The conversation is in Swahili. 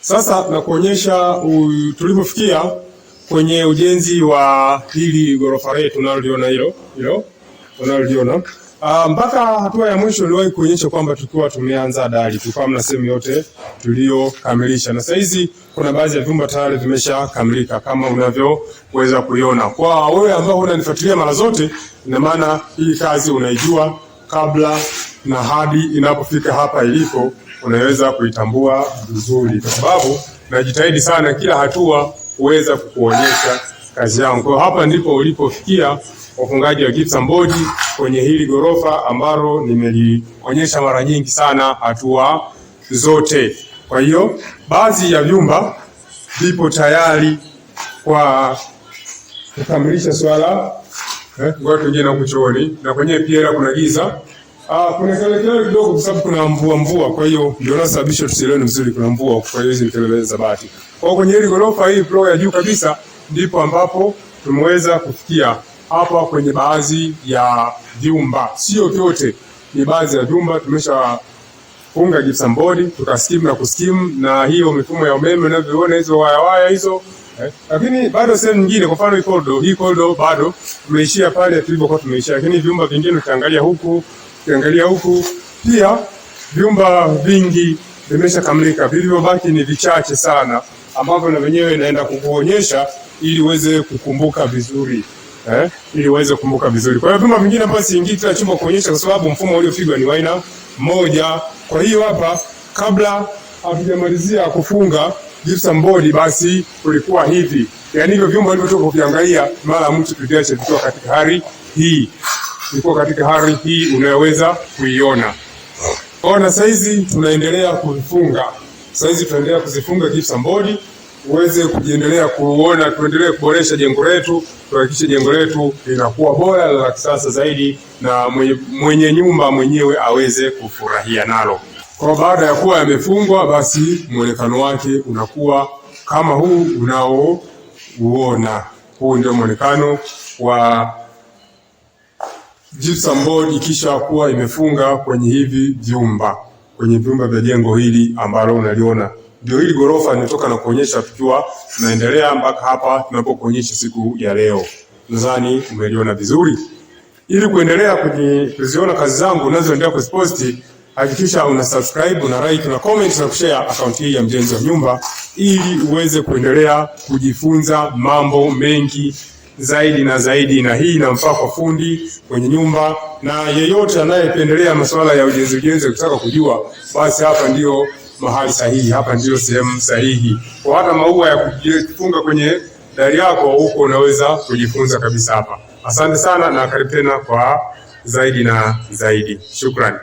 Sasa nakuonyesha tulivyofikia kwenye ujenzi wa hili ghorofa letu unaloliona hilo hilo unaloliona Uh, mpaka hatua ya mwisho niliwahi kuonyesha kwamba tukiwa tumeanza dari tulikuwa na sehemu yote tuliyokamilisha, na saizi kuna baadhi ya vyumba tayari vimeshakamilika kama unavyoweza kuiona. Kwa wewe ambao unanifuatilia mara zote, ina maana hii kazi unaijua kabla na hadi inapofika hapa ilipo unaweza kuitambua vizuri, kwa sababu najitahidi sana kila hatua kuweza kukuonyesha kazi yangu. Kwa hapa ndipo ulipofikia wafungaji wa gypsum board kwenye hili gorofa ambalo nimelionyesha mara nyingi sana hatua zote. Kwa hiyo baadhi ya vyumba vipo tayari kwa kukamilisha swala eh, ngoja tuje na kuchooni na kwenyewe pia kuna giza Ah, kuna kelele kidogo kwa sababu kuna mvua mvua, kwa hiyo ndio nasababisha tusielewe vizuri. Kuna mvua, kwa hiyo hizi ni kelele za bati. Kwa hiyo kwenye hili gorofa hii floor ya juu kabisa ndipo ambapo tumeweza kufikia hapa kwenye baadhi ya vyumba, sio vyote, ni baadhi ya vyumba tumesha funga gypsum board tukaskim na kuskim na hiyo mifumo ya umeme unavyoona hizo waya waya hizo eh. Lakini bado sehemu nyingine, kwa mfano hii corridor, hii corridor bado tumeishia pale tulipokuwa tumeishia, lakini vyumba vingine tutaangalia huku Ukiangalia huku pia vyumba vingi vimeshakamilika, vilivyobaki ni vichache sana, ambavyo na wenyewe naenda kukuonyesha ili uweze kukumbuka vizuri eh, ili uweze kukumbuka vizuri. Kwa hiyo vyumba vingine hapa siingii kila chumba kuonyesha, kwa sababu mfumo uliopigwa ni waina moja. Kwa hiyo hapa, kabla hatujamalizia kufunga gypsum board, basi kulikuwa hivi, yaani hivyo vyumba vilivyotoka kuviangalia, mara mtu tuviache vikiwa katika hali hii tuko katika hali hii unayoweza kuiona. Ona saizi tunaendelea kuifunga, saizi tunaendelea kuzifunga GIPSAM bodi uweze kujiendelea kuona, tuendelee kuboresha jengo letu, tuhakikishe jengo letu linakuwa bora la kisasa zaidi, na mwenye, mwenye nyumba mwenyewe aweze kufurahia nalo. Kwa baada ya kuwa yamefungwa, basi mwonekano wake unakuwa kama huu unaouona. Huu ndio mwonekano wa gypsum board ikisha kuwa imefunga kwenye hivi vyumba, kwenye vyumba vya jengo hili ambalo unaliona ndio hili gorofa nimetoka na kuonyesha, tukiwa tunaendelea mpaka hapa tunapokuonyesha siku ya leo. Nadhani umeliona vizuri. Ili kuendelea kuziona kazi zangu unazoendelea kuziposti, hakikisha una subscribe, una like, una comment na kushare account hii ya Mjenzi wa Nyumba, ili uweze kuendelea kujifunza mambo mengi zaidi na zaidi, na hii inamfaa kwa fundi kwenye nyumba na yeyote anayependelea masuala ya ujenzi ujenzi, ukitaka kujua, basi hapa ndio mahali sahihi, hapa ndio sehemu sahihi. Kwa hata maua ya kujifunga kwenye dari yako huko, unaweza kujifunza kabisa hapa. Asante sana na karibu tena kwa zaidi na zaidi. Shukrani.